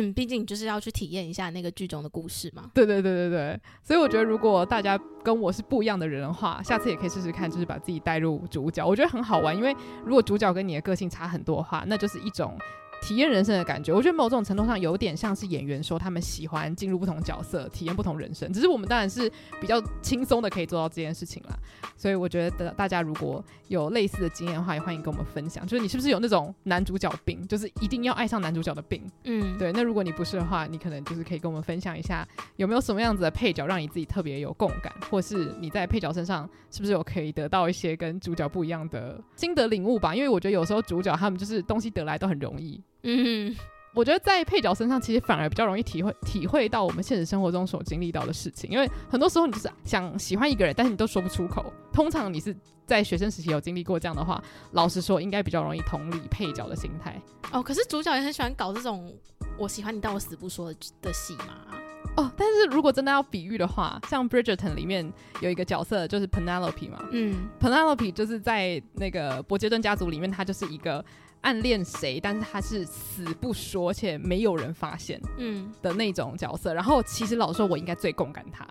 A: 嗯，畢竟就是要去體驗一下那
B: 個劇中的故事嘛。對對對對對，所以我覺得如果大家跟我是不一樣的人的話，下次也可以試試看，就是把自己帶入主角，我覺得很好玩。因為如果主角跟你的個性差很多的話，那就是一種。體驗人生的感覺，我覺得某種程度上有點像是演員說他們喜歡進入不同角色，體驗不同人生。只是我們當然是比較輕鬆的可以做到這件事情啦。所以我覺得大家如果有類似的經驗的話，也歡迎跟我們分享。就是你是不是有那種男主角病，就是一定要愛上男主角的病？嗯，對。那如果你不是的話，你可能就是可以跟我們分享一下有沒有什麼樣子的配角讓你自己特別有共感，或是你在配角身上是不是有可以得到一些跟主角不一樣的心得領悟吧？因為我覺得有時候主角他們就是東西得來都很容易。
C: 嗯，
B: 我覺得在配角身上，其實反而比較容易體會體會到我們現實生活中所經歷到的事情，因為很多時候你就是想喜歡一個人，但是你都說不出口。通常你是在學生時期有經歷過這樣的話，老實說，應該比較容易同理配角的心態。
A: 哦，可是主角也很喜歡搞這種“我喜歡你，但我死不說的”的戲嘛。
B: 哦，但是如果真的要比喻的話，像《Bridgerton》裡面有一個角色就是 Penelope 嘛，嗯，Penelope 就是在那個柏捷頓家族裡面，他就是一個。暗戀誰，但是他是死不說，而且沒有人發現，嗯的那種角色。嗯、然後其實老實說，我應該最共感他，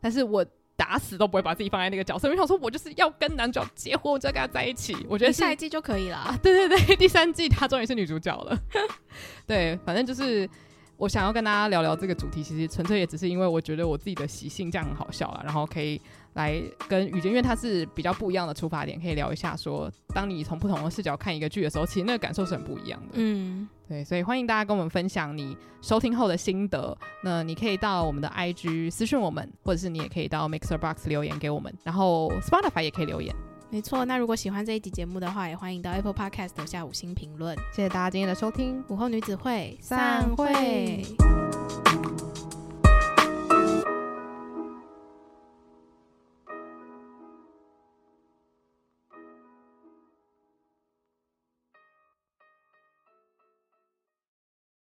B: 但是我打死都不會把自己放在那個角色。我想說，我就是要跟男主角結婚，我就要跟他在一起。我覺得下一季就可以了，啊。對對對，第三季他終於是女主角了。 對，反正就是我想要跟大家聊聊這個主題，其實純粹也只是因為我覺得我自己的習性這樣很好笑了，然後可以。來跟雨杰，因為他是比較不一樣的出發點，可以聊一下說，當你從不同的視角看一個劇的時候，其實那個感受是很不一樣
C: 的。嗯，
B: 對，所以歡迎大家跟我們分享你收聽後的心得。那你可以到我們的 IG 私訊我們，或者是你也可以到 Mixer Box 留言給我們，然後 Spotify 也可以留言。
A: 沒錯，那如果喜歡這一集節目的話，也歡迎到 Apple Podcast 留下五星評
B: 論。謝謝大家今天的收聽，午後女子會散會。